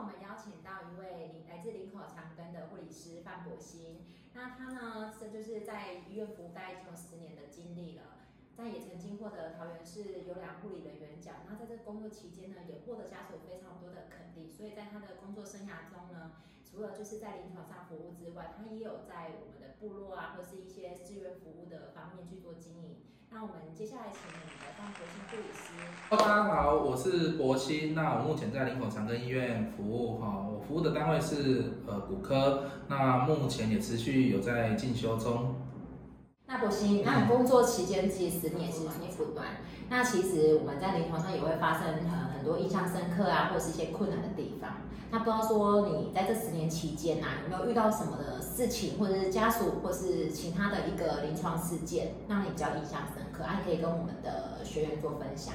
我們邀請到一位來自林口長庚的護理師范伯辛，那他呢，是就是在醫院服務大概已經有十年的經歷了，但也曾經獲得桃園市優良護理人員獎。那在這個工作期間呢，也獲得家屬非常多的肯定。所以在他的工作生涯中呢，除了就是在臨床上服務之外，他也有在我們的部落啊，或是一些志願服務的方面去做經營。那我們接下來請我們的范伯辛護理師、哦。大家好，我是伯辛。那我目前在林口長庚醫院服務哈、哦，我服務的單位是呃骨科。那目前也持續有在進修中。那伯辛，那、嗯啊、工作期間其實你也是經驗豐富。那其實我們在臨床上也會發生。呃很多印象深刻啊，或者是一些困難的地方。那不知道說你在這十年期間啊，有沒有遇到什麼的事情，或者是家屬，或是其他的一個臨床事件，讓你比較印象深刻，還、啊、可以跟我們的學員做分享。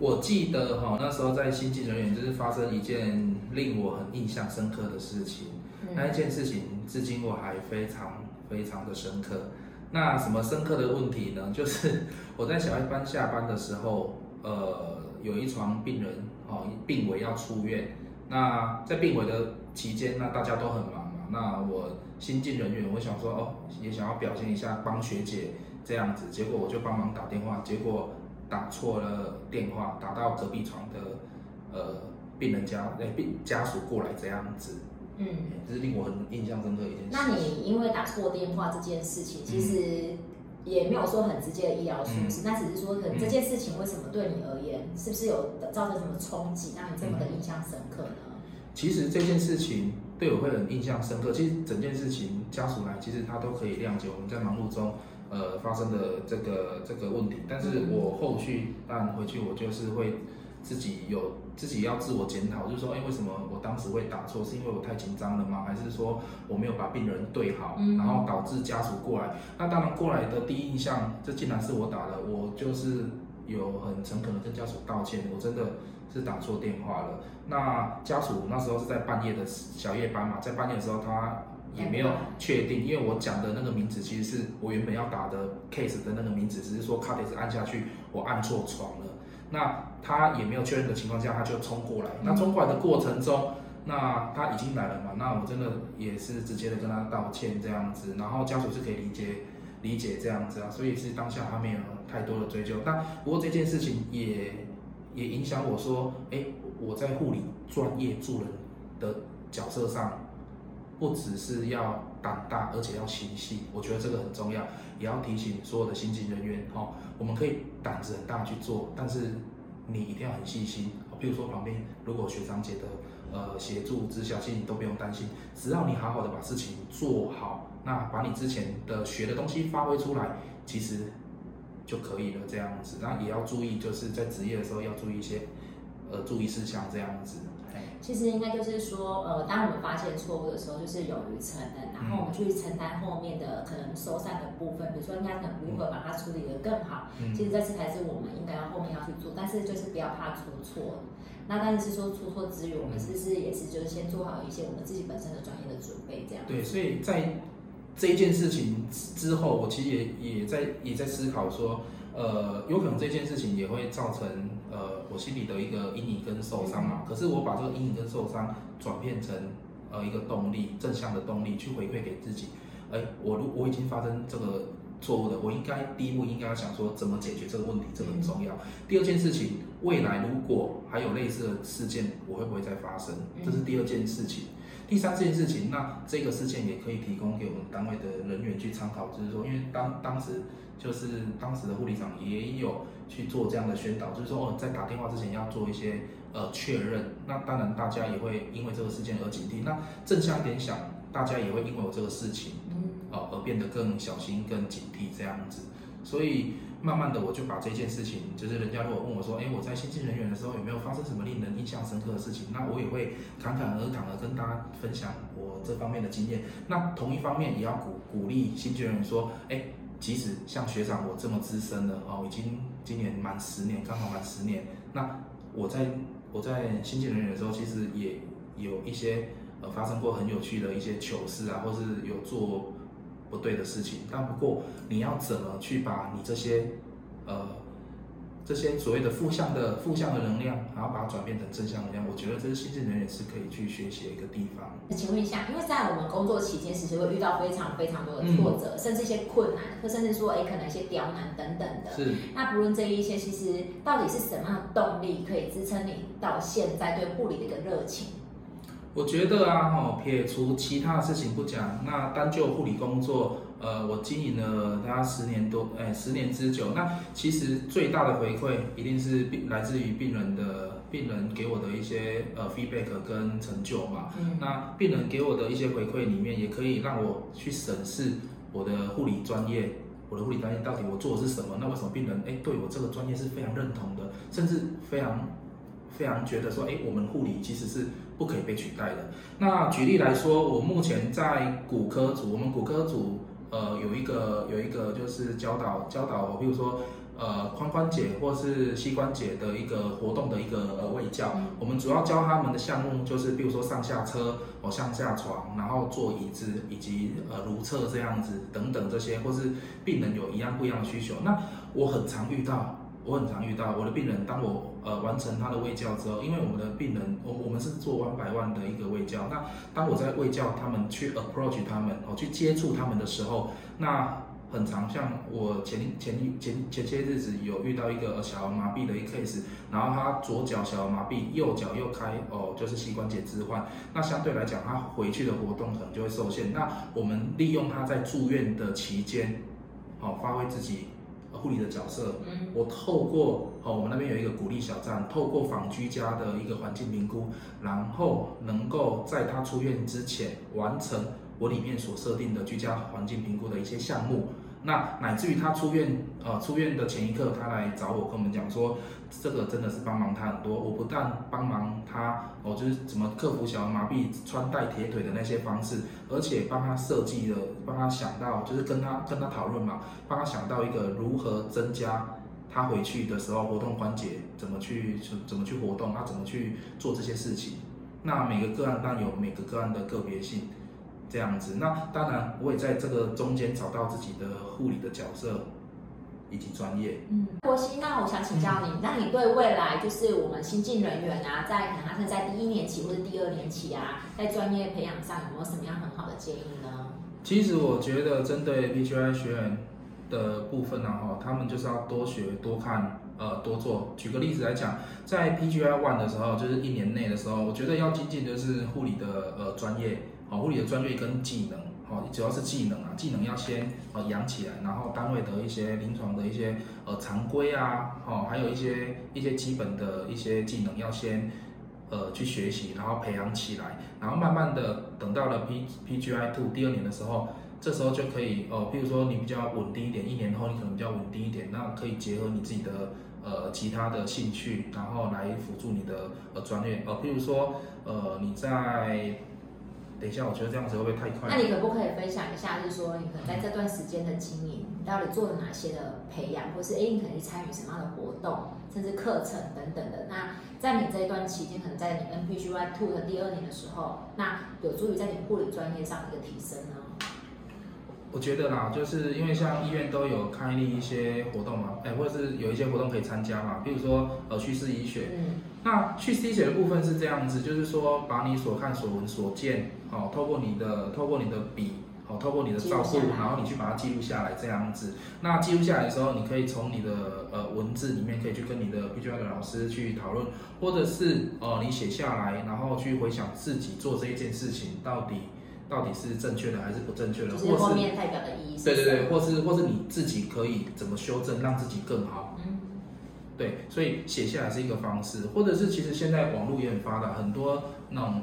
我記得哈、哦，那時候在新進人員，就是發生一件令我很印象深刻的事情。嗯、那一件事情，至今我還非常非常的深刻。那什麼深刻的問題呢？就是我在小一班下班的時候，呃。有一床病人，哦，病危要出院。那在病危的期間，那大家都很忙嘛。那我新進人員，我想說，哦，也想要表現一下，幫學姐這樣子。結果我就幫忙打電話，結果打錯了電話，打到隔壁床的，呃，病人家，哎，病家屬過來這樣子。嗯，這、嗯就是令我很印象深刻一件事。那你因為打錯電話這件事情，其實、嗯。也沒有說很直接的醫療疏失，那、嗯、只是說，可能這件事情為什麼對你而言，嗯、是不是有造成什麼衝擊，讓你這麼的印象深刻呢、嗯？其實這件事情對我會很印象深刻。其實整件事情，家屬來，其實他都可以諒解我們在忙碌中，呃、發生的這個這個問題。但是我後續，當然回去我就是會。自己有自己要自我檢討，就是說，哎、欸，為什麼我當時會打錯？是因為我太緊張了嗎？還是說我沒有把病人對好，嗯、哼然後導致家屬過來？那當然，過來的第一印象，這竟然是我打的，我就是有很誠懇的跟家屬道歉，我真的是打錯電話了。那家屬那時候是在半夜的小夜班嘛，在半夜的時候他也沒有確定，因為我講的那個名字其實是我原本要打的 case 的那個名字，只、就是說 cut s 按下去，我按錯床了。那他也沒有確認的情況下，他就衝過來。那衝過來的過程中，嗯、那他已經來了嘛？那我真的也是直接的跟他道歉這樣子，然後家屬是可以理解理解這樣子啊。所以是當下他沒有太多的追究，但不過這件事情也也影響我說，誒、欸，我在護理專業助人的角色上。不只是要膽大，而且要心細，我覺得這個很重要，也要提醒所有的新進人員哈，我們可以膽子很大去做，但是你一定要很細心。比如說，旁邊如果學長姐的呃協助、知曉性都不用擔心，只要你好好的把事情做好，那把你之前的學的東西發揮出來，其實就可以了這樣子。那也要注意，就是在執業的時候要注意一些，呃，而注意事項這樣子。其實應該就是說，呃，當我們發現錯誤的時候，就是勇於承認，然後我們去承擔後面的可能收散的部分，嗯、比如說應該能如何把它處理得更好。嗯、其實這才是我們應該要後面要去做，但是就是不要怕出錯。那但是說出錯之餘，我們是不是也是就是先做好一些我們自己本身的專業的準備這樣子？對，所以在。這一件事情之後，我其實也也在也在思考說，呃，有可能這件事情也會造成呃我心裡的一個陰影跟受傷嘛。可是我把這個陰影跟受傷轉變成呃一個動力，正向的動力去回饋給自己。哎、欸，我如我已經發生這個。錯誤的，我應該第一步應該要想說怎麼解決這個問題，這很重要。嗯、第二件事情，未來如果還有類似的事件，我會不會再發生，嗯、這是第二件事情。第三件事情，那這個事件也可以提供給我們單位的人員去參考，就是說，因為當當時就是當時的護理長也有去做這樣的宣導，就是說我、哦、在打電話之前要做一些呃確認。那當然大家也會因為這個事件而警惕。那正向點想，大家也會因為我這個事情。嗯而變得更小心、更警惕這樣子，所以慢慢的我就把這件事情，就是人家如果問我說，哎、欸，我在新進人員的時候有沒有發生什麼令人印象深刻的事情？那我也會侃侃而談的跟大家分享我這方面的經驗。那同一方面也要鼓鼓勵新進人員說，哎、欸，即使像學長我這麼資深的哦，已經今年滿十年，剛好滿十年，那我在我在新進人員的時候，其實也有一些呃發生過很有趣的一些糗事啊，或是有做。不對的事情，但不過你要怎麼去把你這些，呃，這些所謂的負向的負向的能量，然後把它轉變成正向能量，我覺得這是心智能力是可以去學習的一個地方。請問一下，因為在我們工作期間，其實會遇到非常非常多的挫折，嗯、甚至一些困難，或甚至說，哎、欸，可能一些刁難等等的。是。那不論這一些，其實到底是什麼樣的動力，可以支撐你到現在對護理的一個熱情？我覺得啊，哈、哦，撇除其他的事情不講，那單就護理工作，呃，我經營了大概十年多，哎，十年之久。那其實最大的回饋一定是來自於病人的，病人給我的一些呃 feedback 跟成就嘛。嗯、那病人給我的一些回饋裡面，也可以讓我去審視我的護理專業，我的護理專業到底我做的是什麼？那為什麼病人哎，對我這個專業是非常認同的，甚至非常非常覺得說，哎，我們護理其實是。不可以被取代的。那舉例來說，我目前在骨科組，我們骨科組呃有一個有一個就是教導教導我，比如說呃髖關節或是膝關節的一個活動的一個呃衛教。我們主要教他們的項目就是，比如說上下車哦、呃、上下床，然後坐椅子以及呃如廁這樣子等等這些，或是病人有一樣不一樣的需求。那我很常遇到，我很常遇到我的病人，當我。呃，完成他的衛教之後，因為我們的病人，我們我們是做 one by one 的一個衛教。那當我在衛教他們去 approach 他們，哦、喔，去接觸他們的時候，那很常像我前前前前些日子有遇到一個小兒麻痹的一個 case，然後他左腳小兒麻痹，右腳又開哦、喔，就是膝關節置換。那相對來講，他回去的活動可能就會受限。那我們利用他在住院的期間，好、喔、發揮自己護理的角色，嗯、我透過。哦，我們那邊有一個鼓勵小站，透過訪居家的一個環境評估，然後能夠在他出院之前完成我裡面所設定的居家環境評估的一些項目，那乃至於他出院，呃，出院的前一刻，他來找我跟我們講說，這個真的是幫忙他很多。我不但幫忙他，我、哦、就是怎麼克服小兒麻痹穿戴鐵腿的那些方式，而且幫他設計了，幫他想到就是跟他跟他討論嘛，幫他想到一個如何增加。他回去的時候，活動關節怎麼去，怎麼去活動，他怎麼去做這些事情？那每個個案當然有每個個案的個別性，這樣子。那當然，我也在這個中間找到自己的護理的角色以及專業。嗯，國熙，那我想請教你，嗯、那你對未來就是我們新進人員啊，在可能是在第一年起或者第二年起啊，在專業培養上有沒有什麼樣很好的建議呢？其實我覺得，針對 BGI 學院。的部分，啊，然後他們就是要多學多看，呃，多做。舉個例子來講，在 PGI one 的時候，就是一年內的時候，我覺得要精進就是護理的呃專業，哦，護理的專業跟技能，哦，主要是技能啊，技能要先呃養起來，然後單位的一些臨床的一些呃常規啊，哦，還有一些一些基本的一些技能要先呃去學習，然後培養起來，然後慢慢的等到了 P PGI two 第二年的時候。這時候就可以哦、呃，譬如說你比較穩定一點，一年後你可能比較穩定一點，那可以結合你自己的呃其他的興趣，然後來輔助你的呃專業哦、呃。譬如說呃你在，等一下，我覺得這樣子會不會太快？那你可不可以分享一下，就是說你可能在這段時間的經營，你到底做了哪些的培養，或是誒，你可能去參與什麼樣的活動，甚至課程等等的？那在你這一段期間，可能在你 N P G Y Two 的第二年的時候，那有助於在你護理專業上的一個提升呢？我覺得啦，就是因為像醫院都有開立一些活動嘛，哎，或是有一些活動可以參加嘛。比如說，呃，敘事醫學。嗯、那敘事醫學的部分是這樣子，就是說，把你所看、所聞、所見，哦，透過你的、透過你的筆，哦，透過你的照顧，然後你去把它記錄下來，這樣子。那記錄下來的時候，嗯、你可以從你的呃文字裡面，可以去跟你的 P. G. I 的老師去討論，或者是哦、呃，你寫下來，然後去回想自己做這一件事情到底。到底是正確的還是不正確的，是的是是或是對對對，或是或是你自己可以怎麼修正，讓自己更好。嗯，對，所以寫下來是一個方式，或者是其實現在網絡也很發達，很多那種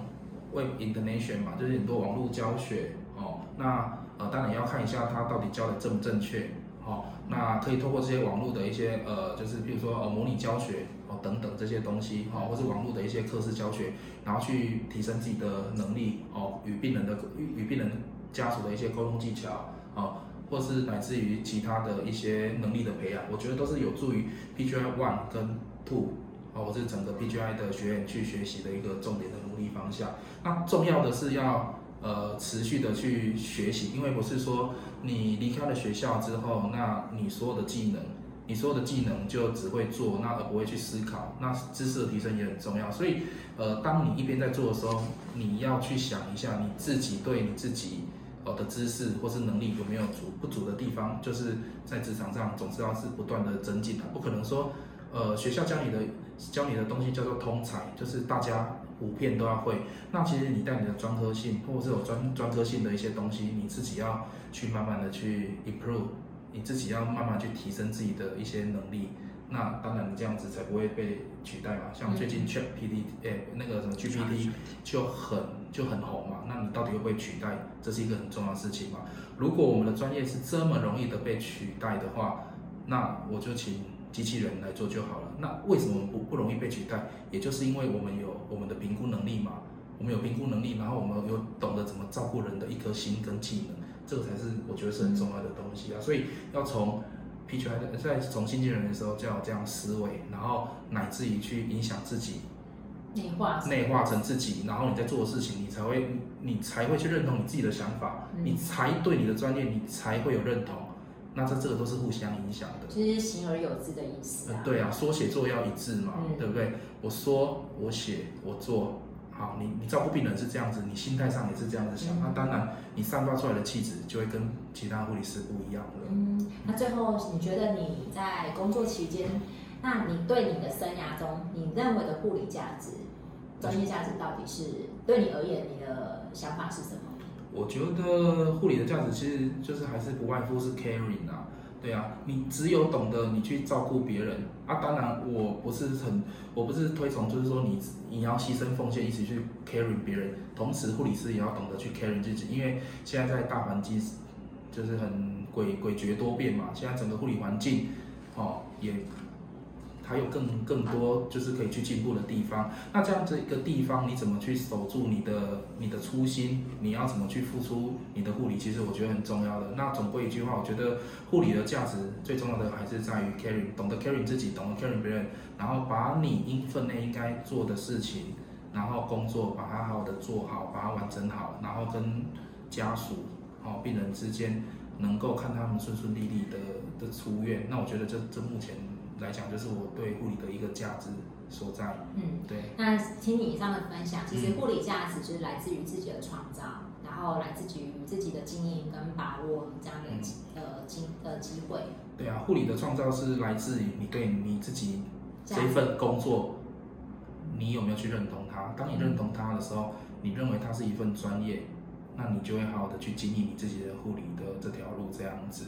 web information 嘛，就是很多網絡教學哦。那呃，當然要看一下他到底教的正不正確。哦，那可以透過這些網絡的一些呃，就是比如說呃，模擬教學。等等這些東西，哦，或是網絡的一些課室教學，然後去提升自己的能力，哦，與病人的與、與病人家屬的一些溝通技巧，哦，或是乃至於其他的一些能力的培養，我覺得都是有助於 PGI One 跟 Two，哦，或是整個 PGI 的學員去學習的一個重點的努力方向。那重要的是要呃持續的去學習，因為不是說你離開了學校之後，那你所有的技能。你所有的技能就只會做，那而不會去思考。那知識的提升也很重要。所以，呃，當你一邊在做的時候，你要去想一下，你自己對你自己呃的知識或是能力有沒有足不足的地方。就是在職場上，總是要是不斷的增進的，不可能說，呃，學校教你的教你的東西叫做通才，就是大家普遍都要會。那其實你帶你的專科性，或者是有專專科性的一些東西，你自己要去慢慢的去 improve。你自己要慢慢去提升自己的一些能力，那當然你這樣子才不會被取代嘛。像最近 Chat P D 哎、嗯欸、那個什麼 G P T 就很就很紅嘛，那你到底會不會取代？這是一個很重要的事情嘛。如果我們的專業是這麼容易的被取代的話，那我就請機器人來做就好了。那為什麼我們不不容易被取代？也就是因為我們有我們的評估能力嘛，我們有評估能力，然後我們又懂得怎麼照顧人的一顆心跟技能。這個才是我覺得是很重要的東西啊，嗯、所以要從 P 區在在重新進人的時候就要這樣思維，然後乃至於去影響自己內化內化成自己，然後你在做的事情，你才會你才會去認同你自己的想法，嗯、你才對你的專業，你才會有認同。那這這個都是互相影響的。其實形而有質的意思啊、嗯、對啊，說寫做要一致嘛，嗯、對不對？我說我寫我做。好，你你照顧病人是這樣子，你心態上也是這樣子想，那、嗯啊、當然你散發出來的氣質就會跟其他護理師不一樣了。嗯，那最後你覺得你在工作期間，嗯、那你對你的生涯中你認為的護理價值、專業價值到底是、嗯、對你而言你的想法是什麼？我覺得護理的價值其實就是還是不外乎是 caring 啊。對啊，你只有懂得你去照顧別人啊，當然我不是很，我不是推崇，就是說你你要犧牲奉獻，一起去 carry 別人，同時護理師也要懂得去 carry 自己，因為現在在大環境就是很詭詭譎多變嘛，現在整個護理環境哦也。還有更更多就是可以去進步的地方。那這樣子一個地方，你怎麼去守住你的你的初心？你要怎麼去付出你的護理？其實我覺得很重要的。那總歸一句話，我覺得護理的價值最重要的還是在於 caring，懂得 caring 自己，懂得 caring 別人，然後把你應分內應該做的事情，然後工作把它好好的做好，把它完成好，然後跟家屬、哦病人之間能夠看他們順順利利的的出院。那我覺得這這目前。來講，就是我對護理的一個價值所在。嗯，對。那聽你以上的分享，其實護理價值就是來自於自己的創造，嗯、然後來自於自己的經營跟把握這樣的的機呃機會、嗯。對啊，護理的創造是來自於你對你自己這份工作，價值。你有沒有去認同它？當你認同它的時候，嗯、你認為它是一份專業，那你就會好好的去經營你自己的護理的這條路，這樣子。